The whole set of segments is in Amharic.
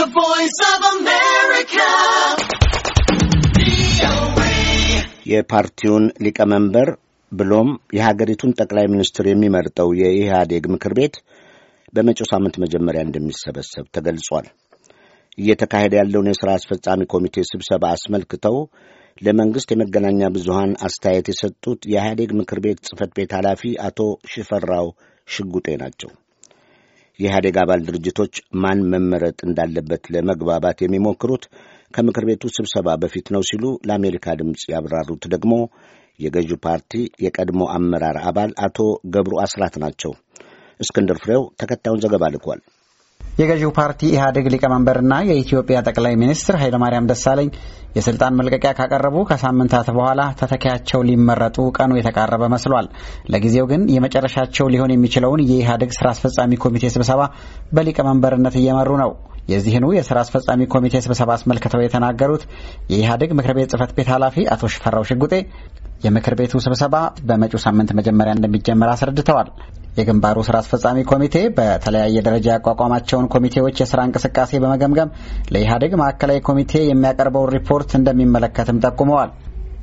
The Voice of America. የፓርቲውን ሊቀመንበር ብሎም የሀገሪቱን ጠቅላይ ሚኒስትር የሚመርጠው የኢህአዴግ ምክር ቤት በመጪው ሳምንት መጀመሪያ እንደሚሰበሰብ ተገልጿል። እየተካሄደ ያለውን የሥራ አስፈጻሚ ኮሚቴ ስብሰባ አስመልክተው ለመንግሥት የመገናኛ ብዙሃን አስተያየት የሰጡት የኢህአዴግ ምክር ቤት ጽህፈት ቤት ኃላፊ አቶ ሽፈራው ሽጉጤ ናቸው። የኢህአዴግ አባል ድርጅቶች ማን መመረጥ እንዳለበት ለመግባባት የሚሞክሩት ከምክር ቤቱ ስብሰባ በፊት ነው ሲሉ ለአሜሪካ ድምፅ ያብራሩት ደግሞ የገዢው ፓርቲ የቀድሞ አመራር አባል አቶ ገብሩ አስራት ናቸው። እስክንድር ፍሬው ተከታዩን ዘገባ ልኳል። የገዢው ፓርቲ ኢህአዴግ ሊቀመንበርና የኢትዮጵያ ጠቅላይ ሚኒስትር ኃይለማርያም ደሳለኝ የስልጣን መልቀቂያ ካቀረቡ ከሳምንታት በኋላ ተተኪያቸው ሊመረጡ ቀኑ የተቃረበ መስሏል። ለጊዜው ግን የመጨረሻቸው ሊሆን የሚችለውን የኢህአዴግ ስራ አስፈጻሚ ኮሚቴ ስብሰባ በሊቀመንበርነት እየመሩ ነው። የዚህኑ የስራ አስፈጻሚ ኮሚቴ ስብሰባ አስመልክተው የተናገሩት የኢህአዴግ ምክር ቤት ጽህፈት ቤት ኃላፊ አቶ ሽፈራው ሽጉጤ የምክር ቤቱ ስብሰባ በመጪው ሳምንት መጀመሪያ እንደሚጀመር አስረድተዋል። የግንባሩ ስራ አስፈጻሚ ኮሚቴ በተለያየ ደረጃ ያቋቋማቸውን ኮሚቴዎች የስራ እንቅስቃሴ በመገምገም ለኢህአዴግ ማዕከላዊ ኮሚቴ የሚያቀርበውን ሪፖርት እንደሚመለከትም ጠቁመዋል።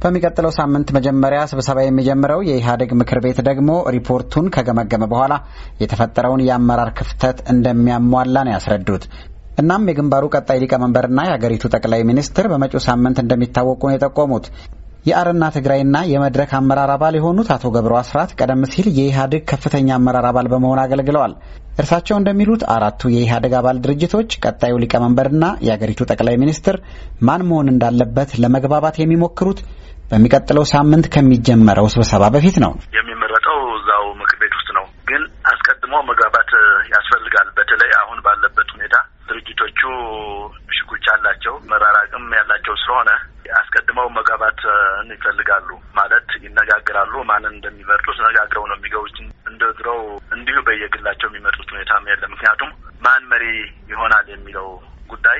በሚቀጥለው ሳምንት መጀመሪያ ስብሰባ የሚጀምረው የኢህአዴግ ምክር ቤት ደግሞ ሪፖርቱን ከገመገመ በኋላ የተፈጠረውን የአመራር ክፍተት እንደሚያሟላ ነው ያስረዱት። እናም የግንባሩ ቀጣይ ሊቀመንበርና የአገሪቱ ጠቅላይ ሚኒስትር በመጪው ሳምንት እንደሚታወቁ ነው የጠቆሙት። የአረና ትግራይና የመድረክ አመራር አባል የሆኑት አቶ ገብሩ አስራት ቀደም ሲል የኢህአዴግ ከፍተኛ አመራር አባል በመሆን አገልግለዋል። እርሳቸው እንደሚሉት አራቱ የኢህአዴግ አባል ድርጅቶች ቀጣዩ ሊቀመንበርና የአገሪቱ ጠቅላይ ሚኒስትር ማን መሆን እንዳለበት ለመግባባት የሚሞክሩት በሚቀጥለው ሳምንት ከሚጀመረው ስብሰባ በፊት ነው። የሚመረጠው እዛው ምክር ቤት ውስጥ ነው። ግን አስቀድሞ መግባባት ያስፈልጋል። በተለይ አሁን ባለበት ሁኔታ ድርጅቶቹ ሽኩቻ አላቸው፣ መራራቅም ያላቸው ስለሆነ ቀድመው መጋባት ይፈልጋሉ ማለት ይነጋግራሉ። ማንን እንደሚመርጡ ተነጋግረው ነው የሚገቡት። እንደ ድሮው እንዲሁ በየግላቸው የሚመርጡት ሁኔታም የለም። ምክንያቱም ማን መሪ ይሆናል የሚለው ጉዳይ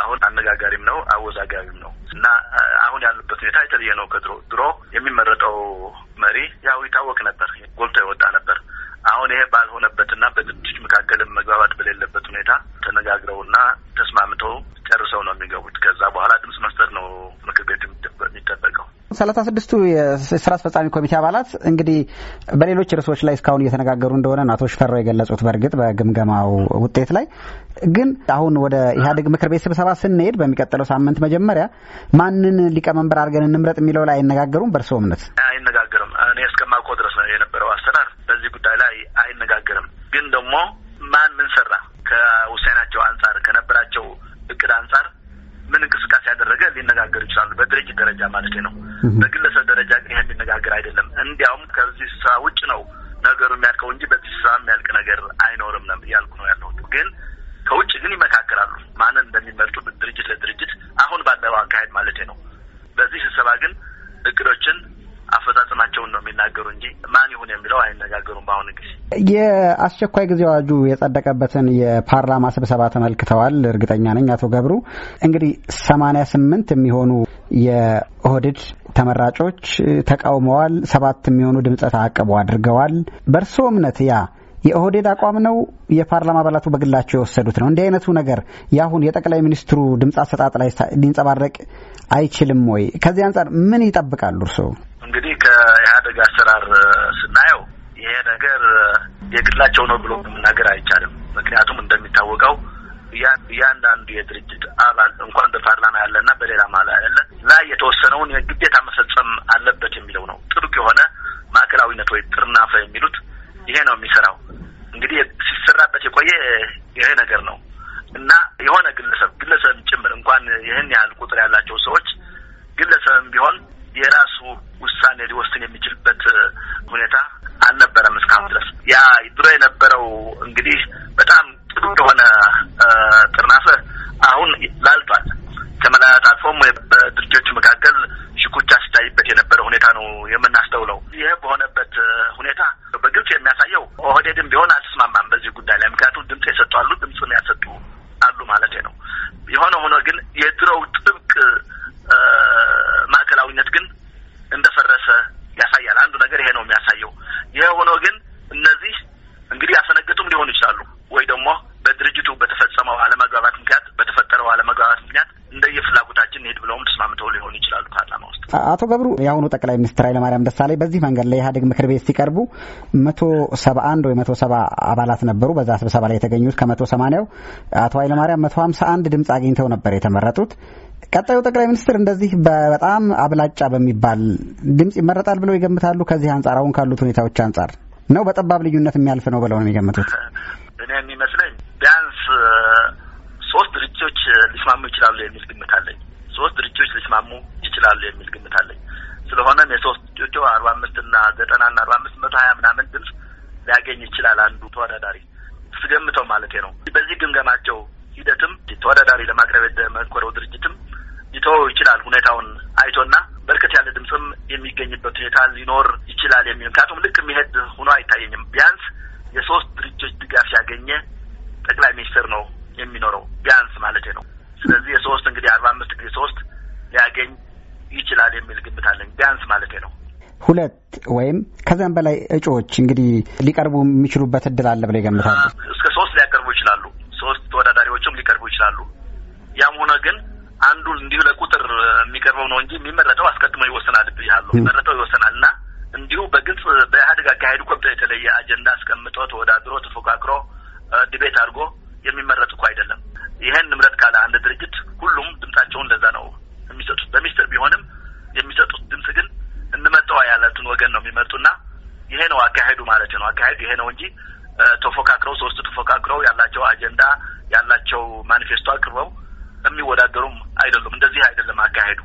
አሁን አነጋጋሪም ነው አወዛጋቢም ነው እና አሁን ያሉበት ሁኔታ የተለየ ነው ከድሮ። ድሮ የሚመረጠው መሪ ያው ይታወቅ ነበር፣ ጎልቶ የወጣ ነበር። አሁን ይሄ ባልሆነበትና በድርጅቶች መካከልም መግባባት በሌለበት ሁኔታ ተነጋግረውና ተስማምተው ጨርሰው ነው የሚገቡት። ከዛ በኋላ ድምጽ መስጠት ነው ምክር ሰላሳ ስድስቱ የስራ አስፈጻሚ ኮሚቴ አባላት እንግዲህ በሌሎች ርዕሶች ላይ እስካሁን እየተነጋገሩ እንደሆነ አቶ ሽፈራው የገለጹት በእርግጥ በግምገማው ውጤት ላይ ግን አሁን ወደ ኢህአዴግ ምክር ቤት ስብሰባ ስንሄድ በሚቀጥለው ሳምንት መጀመሪያ ማንን ሊቀመንበር አድርገን እንምረጥ የሚለው ላይ አይነጋገሩም። በእርስዎ እምነት አይነጋገርም? እኔ እስከማውቀው ድረስ ነው የነበረው አሰራር። በዚህ ጉዳይ ላይ አይነጋገርም። ግን ደግሞ ማን ምን ሰራ ከውሳኔያቸው አንጻር ከነበራቸው እቅድ አንጻር ምን እንቅስቃሴ ያደረገ ሊነጋገር ይችላሉ። በድርጅት ደረጃ ማለት ነው። በግለሰብ ደረጃ ግን ይህን ሊነጋገር አይደለም። እንዲያውም ከዚህ ስራ ውጭ ነው ነገሩ የሚያልቀው እንጂ በዚህ ስራ የሚያልቅ ነገር አይኖርም ነው እያልኩ ነው ያለሁት። ግን ከውጭ ግን ይመካከራሉ ማንን እንደሚመርጡ ድርጅት ለድርጅት አሁን ባለው አካሄድ ማለት ነው። በዚህ ስብሰባ ግን እቅዶችን አፈጻጸማቸውን ነው የሚናገሩ እንጂ ማን ይሁን የሚለው አይነጋገሩም በአሁን ጊዜ የአስቸኳይ ጊዜ አዋጁ የጸደቀበትን የፓርላማ ስብሰባ ተመልክተዋል። እርግጠኛ ነኝ አቶ ገብሩ እንግዲህ ሰማኒያ ስምንት የሚሆኑ የኦህዴድ ተመራጮች ተቃውመዋል። ሰባት የሚሆኑ ድምፀ ተአቅቦ አድርገዋል። በእርስዎ እምነት ያ የኦህዴድ አቋም ነው? የፓርላማ አባላቱ በግላቸው የወሰዱት ነው? እንዲህ አይነቱ ነገር የአሁን የጠቅላይ ሚኒስትሩ ድምፅ አሰጣጥ ላይ ሊንጸባረቅ አይችልም ወይ? ከዚህ አንጻር ምን ይጠብቃሉ እርስዎ? እንግዲህ ከኢህአዴግ አሰራር ስናየው ይሄ ነገር የግላቸው ነው ብሎ መናገር አይቻልም። ምክንያቱም እንደሚታወቀው እያንዳንዱ የድርጅት አባል እንኳን በፓርላማ ያለና በሌላ ማላ ያለ ላይ የተወሰነውን የግዴታ መፈጸም አለበት የሚለው ነው። ጥብቅ የሆነ ማዕከላዊነት ወይ ጥርናፈ የሚሉት ይሄ ነው የሚሰራው። እንግዲህ ሲሰራበት የቆየ ይሄ ነገር ነው እና የሆነ ግለሰብ ግለሰብ ጭምር እንኳን ይህን ያህል ቁጥር ያላቸው ሰዎች ግለሰብም ቢሆን የራሱ ነገር ይሄ ነው የሚያሳየው። ይሄ ሆኖ ግን እነዚህ እንግዲህ ያሰነግጡም ሊሆኑ ይችላሉ ወይ ደግሞ በድርጅቱ በተፈጸመው አለመግባባት ምክንያት በተፈጠረው አለመግባባት ምክንያት እንደየፍላጎታችን ሄድ ብለውም ተስማምተው ሊሆኑ ይችላሉ። ፓርላማ ውስጥ አቶ ገብሩ የአሁኑ ጠቅላይ ሚኒስትር ኃይለማርያም ደሳለኝ በዚህ መንገድ ለኢህአዴግ ምክር ቤት ሲቀርቡ መቶ ሰባ አንድ ወይ መቶ ሰባ አባላት ነበሩ በዛ ስብሰባ ላይ የተገኙት ከመቶ ሰማኒያው አቶ ኃይለማርያም መቶ ሀምሳ አንድ ድምፅ አግኝተው ነበር የተመረጡት። ቀጣዩ ጠቅላይ ሚኒስትር እንደዚህ በጣም አብላጫ በሚባል ድምፅ ይመረጣል ብለው ይገምታሉ? ከዚህ አንጻር አሁን ካሉት ሁኔታዎች አንጻር ነው በጠባብ ልዩነት የሚያልፍ ነው ብለው ነው የሚገምቱት? እኔ የሚመስለኝ ቢያንስ ሶስት ድርጅቶች ሊስማሙ ይችላሉ የሚል ግምት አለኝ። ሶስት ድርጅቶች ሊስማሙ ይችላሉ የሚል ግምት አለኝ። ስለሆነም የሶስት ድርጅቶቹ አርባ አምስት እና ዘጠና እና አርባ አምስት መቶ ሀያ ምናምን ድምፅ ሊያገኝ ይችላል አንዱ ተወዳዳሪ ስገምተው ማለት ነው። በዚህ ግምገማቸው ሂደትም ተወዳዳሪ ለማቅረብ የተመኮረው ድርጅትም ሊተወው ይችላል ሁኔታውን አይቶና በርከት ያለ ድምፅም የሚገኝበት ሁኔታ ሊኖር ይችላል የሚል ምክንያቱም ልክ የሚሄድ ሆኖ አይታየኝም። ቢያንስ የሶስት ድርጅቶች ድጋፍ ያገኘ ጠቅላይ ሚኒስትር ነው የሚኖረው ቢያንስ ማለት ነው። ስለዚህ የሶስት እንግዲህ አርባ አምስት ጊዜ ሶስት ሊያገኝ ይችላል የሚል ግምት አለኝ ቢያንስ ማለት ነው። ሁለት ወይም ከዚያም በላይ እጩዎች እንግዲህ ሊቀርቡ የሚችሉበት እድል አለ ብለው ይገምታሉ። አንዱ እንዲሁ ለቁጥር የሚቀርበው ነው እንጂ የሚመረጠው አስቀድሞ ይወሰናል ብያለሁ። የሚመረጠው ይወሰናል እና እንዲሁ በግልጽ በኢህአዴግ አካሄዱ ቆብጦ የተለየ አጀንዳ አስቀምጦ ተወዳድሮ ተፎካክሮ ዲቤት አድርጎ የሚመረጥ እኮ አይደለም። ይህን ንምረጥ ካለ አንድ ድርጅት ሁሉም ድምጻቸውን ለዛ ነው የሚሰጡት። በሚስጥር ቢሆንም የሚሰጡት ድምጽ ግን እንመጠዋ ያለትን ወገን ነው የሚመርጡና ይሄ ነው አካሄዱ ማለት ነው። አካሄዱ ይሄ ነው እንጂ ተፎካክረው ሶስቱ ተፎካክረው ያላቸው አጀንዳ ያላቸው ማኒፌስቶ አቅርበው የሚወዳደሩም አይደሉም። እንደዚህ አይደለም አካሄዱ።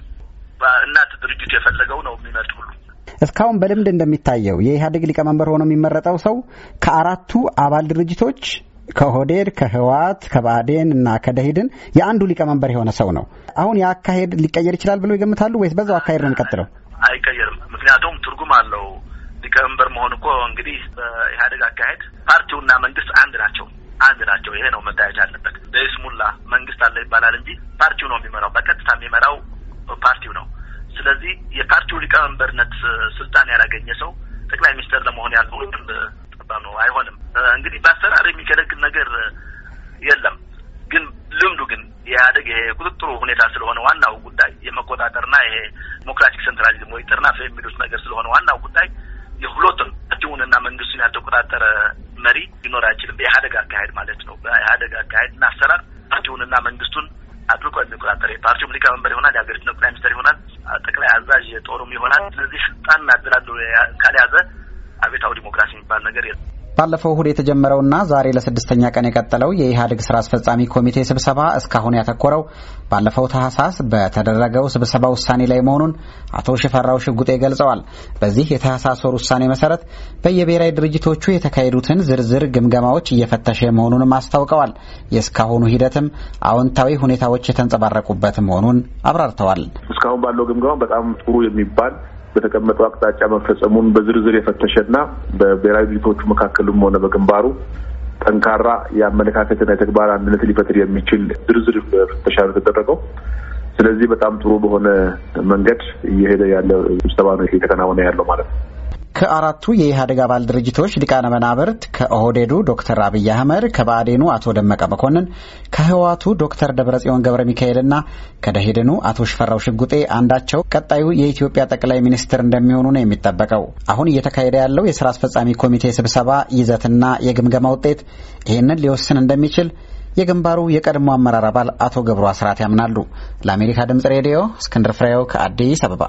እናት ድርጅት የፈለገው ነው የሚመርጥ ሁሉ እስካሁን በልምድ እንደሚታየው የኢህአዴግ ሊቀመንበር ሆኖ የሚመረጠው ሰው ከአራቱ አባል ድርጅቶች ከሆዴድ፣ ከህወሓት፣ ከባህዴን እና ከደሂድን የአንዱ ሊቀመንበር የሆነ ሰው ነው። አሁን የአካሄድ ሊቀየር ይችላል ብሎ ይገምታሉ ወይስ በዛው አካሄድ ነው የሚቀጥለው? አይቀየርም። ምክንያቱም ትርጉም አለው። ሊቀመንበር መሆን እኮ እንግዲህ በኢህአዴግ አካሄድ ፓርቲውና መንግስት አንድ ናቸው፣ አንድ ናቸው። ይሄ ነው መታየት ያለበት። በይስሙላ መንግስት አለ ይባላል እንጂ ፓርቲው ነው የሚመራው። በቀጥታ የሚመራው ፓርቲው ነው። ስለዚህ የፓርቲው ሊቀመንበርነት ስልጣን ያላገኘ ሰው ጠቅላይ ሚኒስትር ለመሆን ያለው ጠባብ ነው፣ አይሆንም። እንግዲህ በአሰራር የሚገለግል ነገር የለም። ግን ልምዱ ግን የኢህአደግ ይሄ ቁጥጥሩ ሁኔታ ስለሆነ ዋናው ጉዳይ የመቆጣጠርና ይሄ ዲሞክራቲክ ሴንትራሊዝም ወይ ጥርናፍ የሚሉት ነገር ስለሆነ ዋናው ጉዳይ የሁለቱም ፓርቲውንና መንግስቱን ያልተቆጣጠረ መሪ ሊኖር አይችልም። በኢህአደግ አካሄድ ማለት ነው። በኢህአደግ አካሄድ እና አሰራር እና መንግስቱን አጥብቆ የሚቆጣጠር የፓርቲውም ሊቀመንበር ይሆናል፣ የሀገሪቱ ጠቅላይ ሚኒስትር ይሆናል፣ ጠቅላይ አዛዥ የጦሩም ይሆናል። ስለዚህ ስልጣን አደላድሎ ካልያዘ አቤታዊ ዲሞክራሲ የሚባል ነገር የለም። ባለፈው እሁድ የተጀመረውና ዛሬ ለስድስተኛ ቀን የቀጠለው የኢህአዴግ ስራ አስፈጻሚ ኮሚቴ ስብሰባ እስካሁን ያተኮረው ባለፈው ታህሳስ በተደረገው ስብሰባ ውሳኔ ላይ መሆኑን አቶ ሽፈራው ሽጉጤ ገልጸዋል። በዚህ የታህሳስ ወር ውሳኔ መሰረት በየብሔራዊ ድርጅቶቹ የተካሄዱትን ዝርዝር ግምገማዎች እየፈተሸ መሆኑንም አስታውቀዋል። የእስካሁኑ ሂደትም አዎንታዊ ሁኔታዎች የተንጸባረቁበት መሆኑን አብራርተዋል። እስካሁን ባለው ግምገማ በጣም ጥሩ የሚባል በተቀመጠው አቅጣጫ መፈጸሙን በዝርዝር የፈተሸና በብሔራዊ ድርጅቶቹ መካከልም ሆነ በግንባሩ ጠንካራ የአመለካከትና የተግባር አንድነት ሊፈጥር የሚችል ዝርዝር ፍተሻ ነው የተደረገው። ስለዚህ በጣም ጥሩ በሆነ መንገድ እየሄደ ያለ ስብሰባ ነው እየተከናወነ ያለው ማለት ነው። ከአራቱ የኢህአዴግ አባል ድርጅቶች ሊቃነ መናብርት ከኦህዴዱ ዶክተር አብይ አህመድ፣ ከባዴኑ አቶ ደመቀ መኮንን፣ ከህወሓቱ ዶክተር ደብረጽዮን ገብረ ሚካኤልና ከደሄድኑ አቶ ሽፈራው ሽጉጤ አንዳቸው ቀጣዩ የኢትዮጵያ ጠቅላይ ሚኒስትር እንደሚሆኑ ነው የሚጠበቀው። አሁን እየተካሄደ ያለው የስራ አስፈጻሚ ኮሚቴ ስብሰባ ይዘትና የግምገማ ውጤት ይህንን ሊወስን እንደሚችል የግንባሩ የቀድሞ አመራር አባል አቶ ገብሩ አስራት ያምናሉ። ለአሜሪካ ድምጽ ሬዲዮ እስክንድር ፍሬው ከአዲስ አበባ